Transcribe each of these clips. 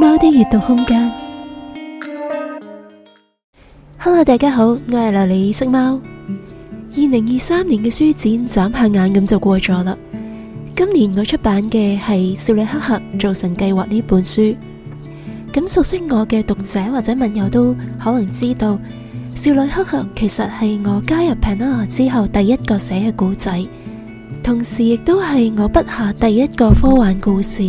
貓的閱讀空間。Hello，大家好，我係琉璃異色貓。二零二三年嘅書展，眨下眼咁就過咗啦。今年我出版嘅係《少女黑客造神計劃》呢本書。咁熟悉我嘅讀者或者文友都可能知道，《少女黑客》其實係我加入 Penana 之後第一個寫嘅故仔，同時亦都係我筆下第一個科幻故事。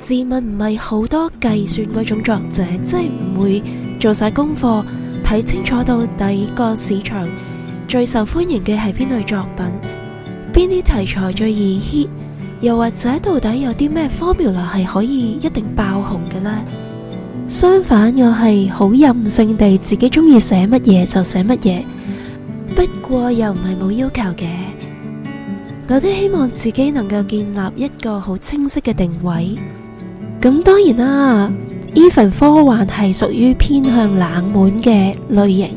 自問唔係好多計算嗰種作者，真係唔會做晒功課，睇清楚到底個市場最受歡迎嘅係邊類作品，邊啲題材最易 hit，又或者到底有啲咩 formula 係可以一定爆紅嘅呢？相反，又係好任性地自己中意寫乜嘢就寫乜嘢。不過又唔係冇要求嘅，我都希望自己能夠建立一個好清晰嘅定位。咁當然啦，even 科幻係屬於偏向冷門嘅類型，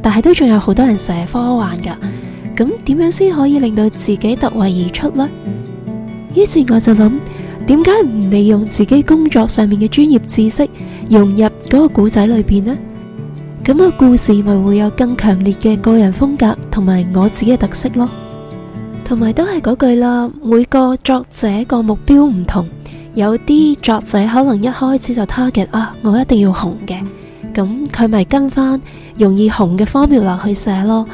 但係都仲有好多人寫科幻噶。咁點樣先可以令到自己突圍而出呢？於是我就諗，點解唔利用自己工作上面嘅專業知識融入嗰個故仔裏邊呢？咁個故事咪、那個、會有更強烈嘅個人風格同埋我自己嘅特色咯。同埋都係嗰句啦，每個作者個目標唔同。有啲作者可能一開始就 target 啊，我一定要紅嘅，咁佢咪跟翻容易紅嘅 formula 去寫咯。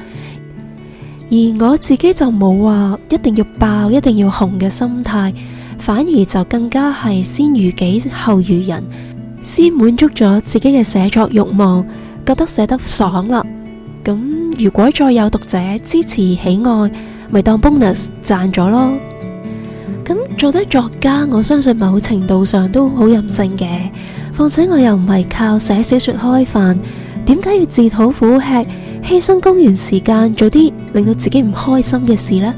而我自己就冇話一定要爆、一定要紅嘅心態，反而就更加係先娛己後娛人，先滿足咗自己嘅寫作欲望，覺得寫得爽啦。咁如果再有讀者支持喜愛，咪當 bonus 賺咗咯。咁做得作家，我相信某程度上都好任性嘅。況且我又唔係靠寫小說開飯，點解要自討苦吃，犧牲工餘時間做啲令到自己唔開心嘅事呢？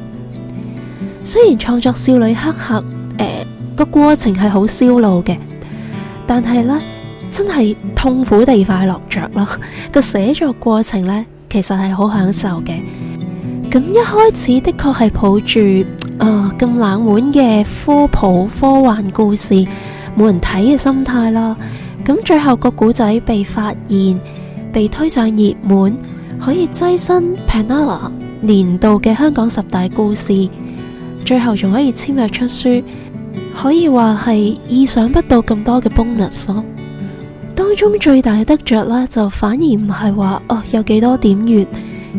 雖然創作少女黑客，誒、呃、個過程係好燒腦嘅，但係呢，真係痛苦地快樂着咯。個 寫作過程呢，其實係好享受嘅。咁一開始的確係抱住。啊！咁冷門嘅科普科幻故事，冇人睇嘅心態啦。咁最後個古仔被發現，被推上熱門，可以躋身 Penana 年度嘅香港十大故事。最後仲可以簽約出書，可以話係意想不到咁多嘅 bonus 啊。當中最大得着呢，就反而唔係話哦，有幾多點閱、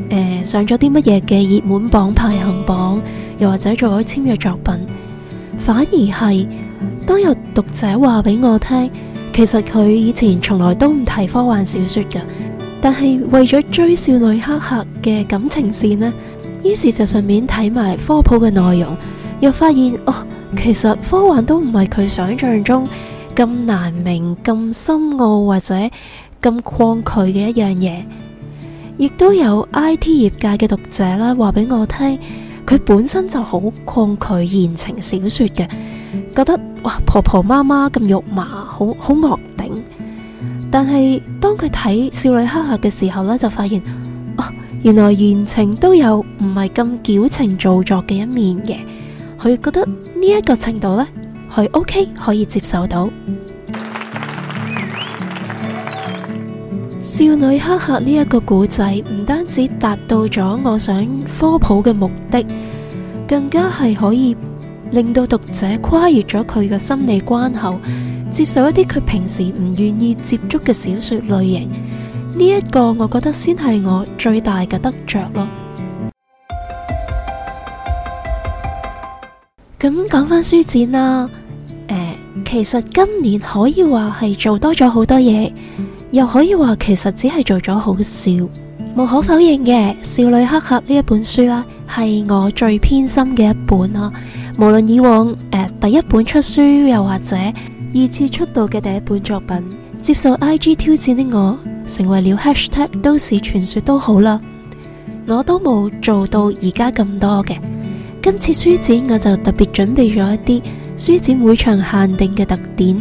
呃，上咗啲乜嘢嘅熱門榜排行榜。又或者做咗簽約作品，反而係當有讀者話俾我聽，其實佢以前從來都唔睇科幻小說噶，但係為咗追《少女黑客》嘅感情線呢，於是就順便睇埋科普嘅內容，又發現哦，其實科幻都唔係佢想象中咁難明、咁 深奧或者咁抗拒嘅一樣嘢，亦都有 I T 業界嘅讀者啦話俾我聽。佢本身就好抗拒言情小說嘅，覺得哇婆婆媽媽咁肉麻，好好惡頂。但係當佢睇《少女黑客》嘅時候呢就發現，哦，原來言情都有唔係咁矯情造作嘅一面嘅，佢覺得呢一個程度呢佢 OK 可以接受到。少女黑客呢一個故仔唔單止達到咗我想科普嘅目的，更加係可以令到讀者跨越咗佢嘅心理關口，接受一啲佢平時唔願意接觸嘅小說類型。呢、這、一個我覺得先係我最大嘅得着咯。咁講返書展啦，呃，其實今年可以話係做多咗好多嘢。又可以話，其實只係做咗好少。無可否認嘅，《少女黑客》呢一本書啦，係我最偏心嘅一本啦、啊。無論以往、呃、第一本出書，又或者二次出道嘅第一本作品，接受 I G 挑戰的我，成為了 Hashtag 都市傳說都好啦。我都冇做到而家咁多嘅。今次書展我就特別準備咗一啲書展會場限定嘅特典。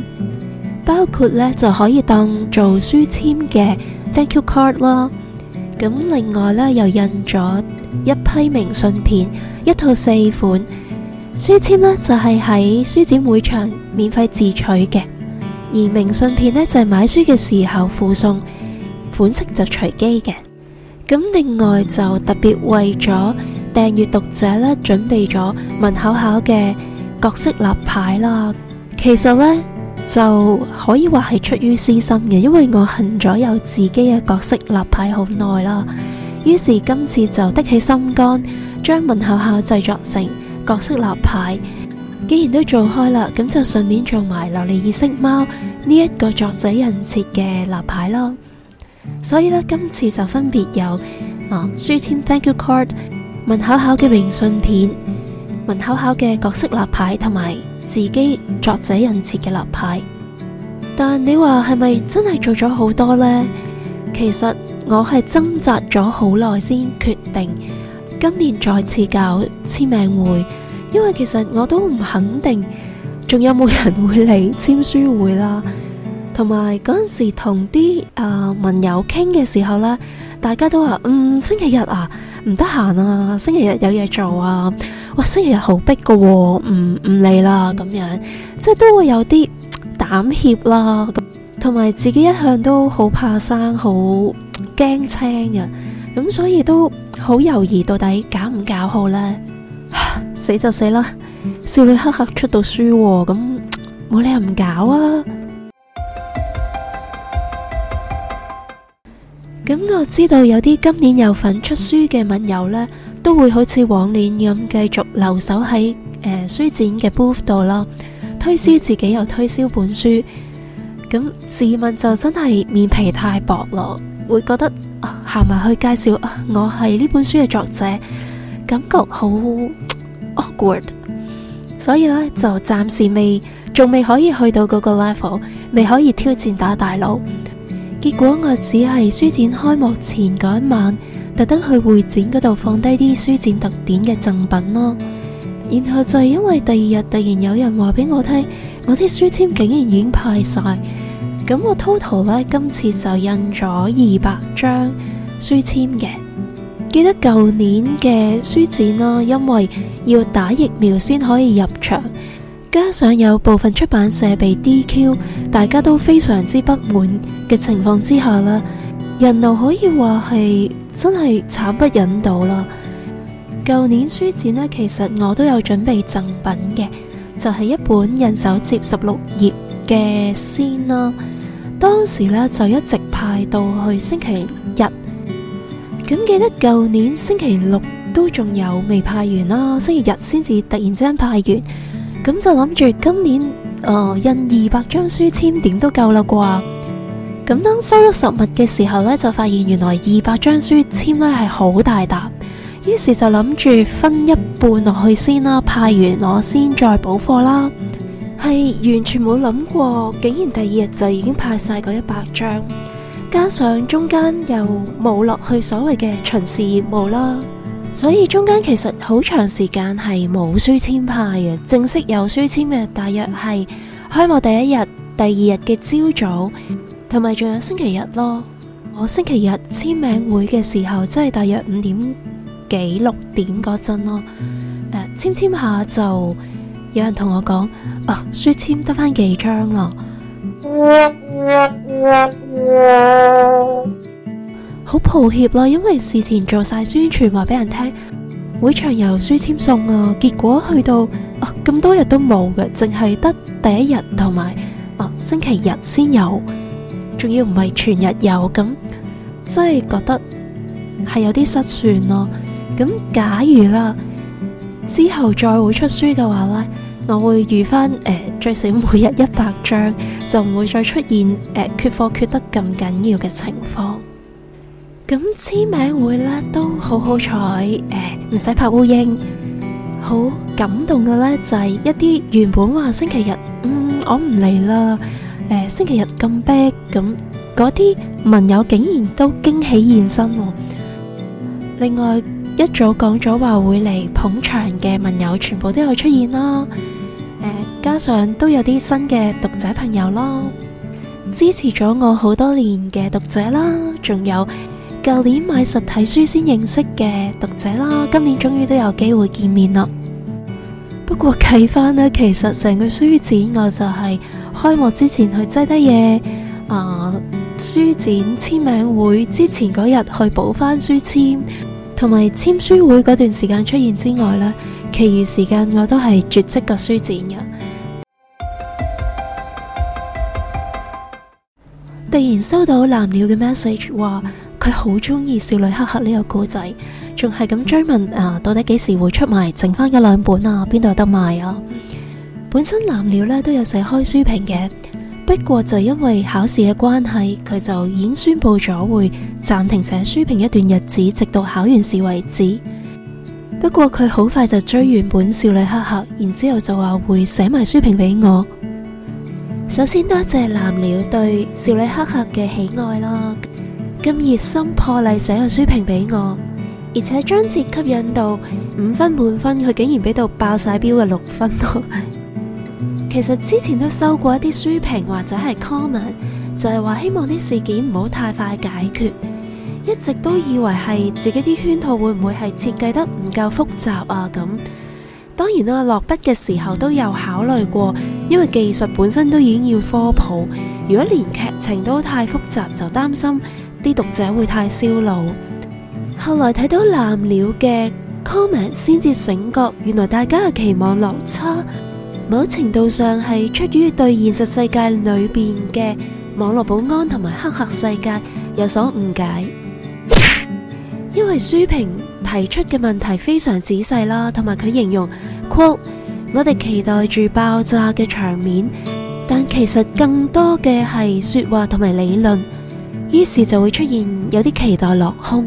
包括咧就可以當做書籤嘅 Thank you card 咯，咁另外咧又印咗一批明信片，一套四款。書籤呢，就係、是、喺書展會場免費自取嘅，而明信片呢，就係、是、買書嘅時候附送，款式就隨機嘅。咁另外就特別為咗訂閱讀者咧準備咗問考考嘅角色立牌啦，其實呢。就可以話係出於私心嘅，因為我恨咗有自己嘅角色立牌好耐啦，於是今次就的起心肝，將文巧巧製作成角色立牌。既然都做開啦，咁就順便做埋琉璃異色貓呢一個作者人設嘅立牌咯。所以呢，今次就分別有啊書籤 thank you card、文巧巧嘅明信片、文巧巧嘅角色立牌同埋，自己作者人設嘅立牌，但你話係咪真係做咗好多呢？其實我係掙扎咗好耐先決定今年再次搞簽名會，因為其實我都唔肯定仲有冇人會嚟簽書會啦。同埋嗰陣時同啲啊文友傾嘅時候咧。大家都話，嗯，星期日啊，唔得閒啊，星期日有嘢做啊。哇，星期日好逼㗎喎，唔唔嚟啦，咁樣，即係都會有啲膽怯啦，同埋自己一向都好怕生，好驚青啊。咁所以都好猶豫到底搞唔搞好呢？死就死啦，少女黑客出到書喎，咁冇理由唔搞啊。咁我知道有啲今年有份出書嘅文友呢，都會好似往年咁繼續留守喺誒、呃、書展嘅 booth 度啦，推銷自己又推銷本書。咁自問就真係面皮太薄咯，會覺得行埋、啊、去介紹、啊、我係呢本書嘅作者，感覺好 awkward。所以呢，就暫時未仲未可以去到嗰個 level，未可以挑戰打大佬。結果我只係書展開幕前嗰一晚，特登去會展嗰度放低啲書展特典嘅贈品咯。然後就係因為第二日突然有人話俾我聽，我啲書籤竟然已經派晒。咁我 total 咧今次就印咗二百張書籤嘅。記得舊年嘅書展啦，因為要打疫苗先可以入場。加上有部分出版社被 DQ，大家都非常之不滿嘅情況之下啦，人流可以話係真係慘不忍睹啦。舊年書展呢，其實我都有準備贈品嘅，就係一本人手接十六頁嘅先啦。當時呢，就一直派到去星期日，咁記得舊年星期六都仲有未派完啦，星期日先至突然之間派完。咁就諗住今年、哦、印二百張書籤點都夠啦啩，咁當收到實物嘅時候呢，就發現原來二百張書籤呢係好大疊，於是就諗住分一半落去先啦，派完我先再補貨啦，係完全冇諗過，竟然第二日就已經派晒嗰一百張，加上中間又冇落去所謂嘅巡視業務啦。所以中間其實好長時間係冇書簽派嘅，正式有書簽嘅大約係開幕第一日，第二日嘅朝早，同埋仲有星期日咯。我星期日簽名會嘅時候，即係大約五點幾六點嗰陣咯。誒，呃，簽簽下就有人同我講：啊，哦，書簽得返幾張咯。 好抱歉咯，因為事前做晒宣傳話俾人聽，會場有書籤送啊，結果去到啊咁多日都冇嘅，淨係得第一日同埋啊星期日先有，仲要唔係全日有咁，真係覺得係有啲失算咯。咁假如啦之後再會出書嘅話呢，我會預翻誒最少每日一百張，就唔會再出現誒缺貨缺得咁緊要嘅情況。咁簽名會咧都好好彩，誒唔使拍烏蠅，好感動嘅咧就係一啲原本話星期日，嗯我唔嚟啦，誒星期日咁逼咁嗰啲文友竟然都驚喜現身。另外一早講咗話會嚟捧場嘅文友全部都有出現啦，誒加上都有啲新嘅讀者朋友咯，支持咗我好多年嘅讀者啦，仲有，舊年買實體書先認識嘅讀者啦，今年終於都有機會見面啦。不過計翻呢，其實成個書展我就係開幕之前去擠低嘢，啊，書展簽名會之前嗰日去補翻書籤，同埋簽書會嗰段時間出現之外呢，其餘時間我都係絕跡個書展嘅。 突然收到藍鳥嘅 message 話。佢好中意《少女黑客》呢個故仔，仲係咁追問啊，到底幾時會出埋剩翻嘅兩本啊？邊度有得賣啊？本身藍鳥呢都有寫開書評嘅，不過就因為考試嘅關係，佢就已經宣布咗會暫停寫書評一段日子，直到考完試為止。不過佢好快就追完本《少女黑客》，然之後就話會寫埋書評俾我。首先多謝藍鳥對《少女黑客》嘅喜愛啦。咁熱心破例寫個書評俾我，而且章節吸引到五分滿分，佢竟然俾到爆晒標嘅六分咯。 其實之前都收過一啲書評或者係 comment，就係話希望啲事件唔好太快解決。一直都以為係自己啲圈套會唔會係設計得唔夠複雜啊？咁當然啦，落筆嘅時候都有考慮過，因為技術本身都已經要科普，如果連劇情都太複雜，就擔心。啲讀者會太燒腦，後來睇到藍鳥嘅 comment 先至醒覺，原來大家嘅期望落差，某程度上係出於對現實世界裏邊嘅網絡保安同埋黑客世界有所誤解。 因為書評提出嘅問題非常仔細啦，同埋佢形容 quote，我哋期待住爆炸嘅場面，但其實更多嘅係說話同埋理論。於是就會出現有啲期待落空，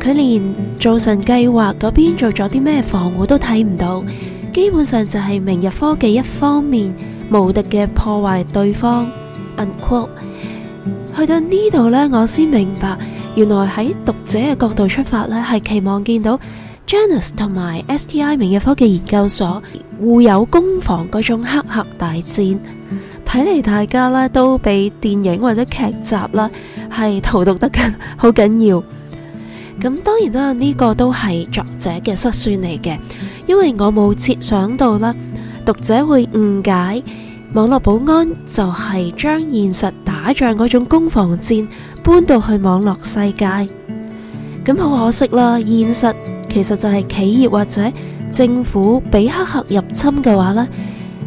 佢連造神計劃嗰邊做咗啲咩防護都睇唔到，基本上就係明日科技一方面無敵嘅破壞對方。unquote，去到呢度呢，我先明白，原來喺讀者嘅角度出發呢係期望見到 Genesis 同埋 STI 明日科技研究所互有攻防嗰種黑客大戰。睇嚟大家咧都被電影或者劇集啦係荼毒得緊，好 緊要。咁當然啦，呢、這個都係作者嘅失算嚟嘅，因為我冇設想到啦，讀者會誤解網絡保安就係將現實打仗嗰種攻防戰搬到去網絡世界。咁好可惜啦，現實其實就係企業或者政府俾黑客入侵嘅話呢。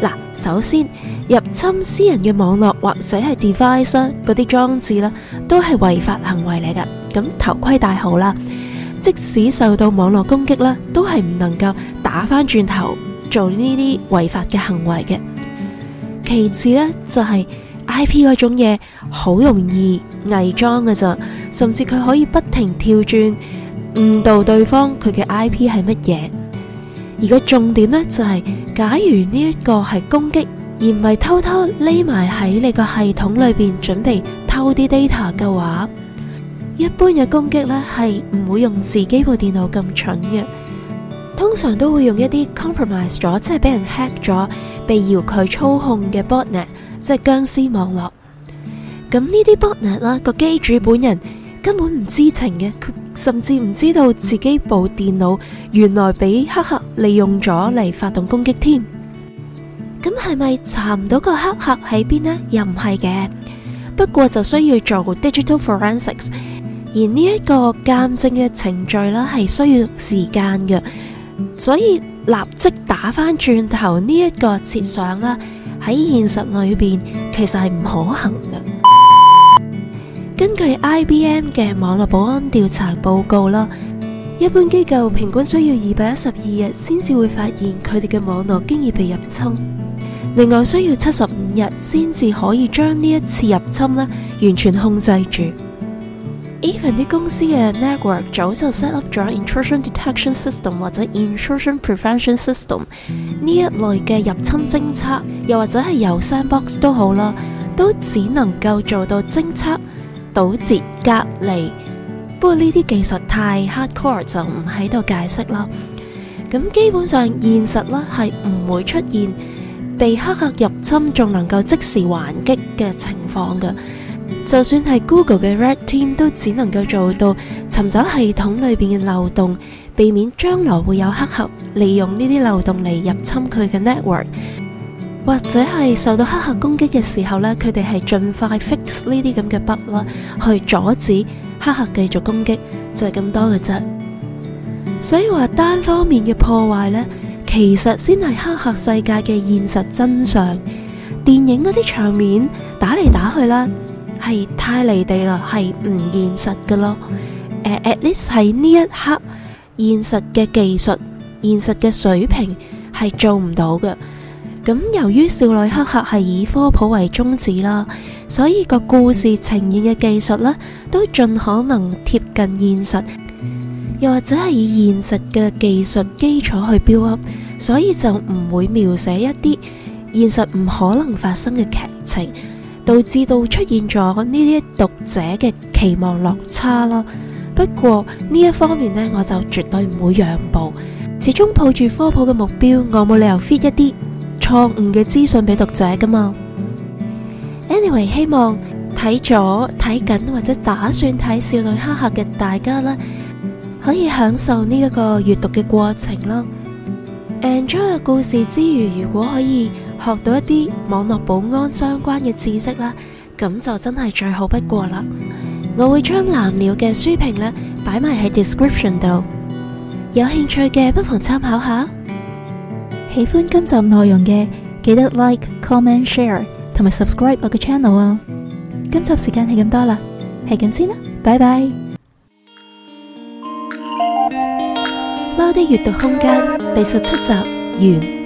嗱，首先入侵私人嘅網絡或者係 device 啲裝置啦，都係違法行為嚟噶。咁頭盔戴好啦，即使受到網絡攻擊啦，都係唔能夠打翻轉頭做呢啲違法嘅行為嘅。其次咧就係、是、I P 嗰種嘢，好容易偽裝噶咋，甚至佢可以不停跳轉，誤導對方佢嘅 I P 係乜嘢。而個重點呢，就係、是，假如呢一個係攻擊，而唔係偷偷匿埋喺你個系統裏邊準備偷啲 data 嘅話，一般嘅攻擊呢係唔會用自己部電腦咁蠢嘅，通常都會用一啲 compromise 咗，即係俾人 hack 咗，被遙距操控嘅 botnet，即係僵屍網絡。咁呢啲 botnet 啦，個機主本人根本唔知情嘅，甚至唔知道自己部電腦原來俾黑客。利用咗嚟發動攻擊添，咁係咪查唔到個黑客喺邊呢？又唔係嘅，不過就需要做 Digital Forensics，而呢一個鑒證嘅程序啦，係需要時間嘅，所以立即打翻轉頭呢一個設想啦，喺現實裏邊其實係唔可行嘅。 根據 IBM 嘅網絡保安調查報告啦。一般機構平均需要二百一十二日先至會發現佢哋嘅網絡經已被入侵，另外需要七十五日先至可以將呢一次入侵呢完全控制住。Even 啲公司嘅 network 早就 set up 咗 intrusion detection system 或者 intrusion prevention system 呢一類嘅入侵偵測，又或者係 sandbox 都好啦，都只能夠做到偵測、堵截、隔離。不過呢啲技術太 hardcore，就唔喺度解釋啦。咁基本上現實呢係唔會出現被黑客入侵仲能夠即時還擊嘅情況嘅。就算係 Google 嘅 Red Team 都只能夠做到尋找系統裏面嘅漏洞，避免將來會有黑客利用呢啲漏洞嚟入侵佢嘅 network，或者係受到黑客攻擊嘅時候呢，佢哋係盡快 fix 呢啲咁嘅 bug 啦，去阻止。黑客繼續攻擊就係咁多嘅啫，所以話單方面嘅破壞呢，其實先係黑客世界嘅現實真相。電影嗰啲場面打嚟打去啦，係太離地啦，係唔現實嘅咯。at least 喺呢一刻，現實嘅技術、現實嘅水平係做唔到嘅。咁，由於《少女黑客》係以科普為宗旨啦，所以個故事呈現嘅技術啦，都盡可能貼近現實，又或者係以現實嘅技術基礎去標合，所以就唔會描寫一啲現實唔可能發生嘅劇情，導致到出現咗呢啲讀者嘅期望落差咯。不過呢一方面呢，我就絕對唔會讓步，始終抱住科普嘅目標，我冇理由 fit 一啲。錯誤嘅資訊俾讀者㗎嘛？Anyway，希望睇咗睇緊或者打算睇《少女黑客》嘅大家啦，可以享受呢一個閱讀嘅過程啦，Enjoy 個故事之餘，如果可以學到一啲網絡保安相關嘅知識啦，咁就真係最好不過啦。我會將藍鳥嘅書評呢擺埋喺 description 度，有興趣嘅不妨參考下。喜歡今集內容嘅，記得 like, comment, share，同埋 subscribe 我嘅 channel 啊。今集時間係咁多啦，係咁先啦，拜拜。貓的閱讀空間第十七集完。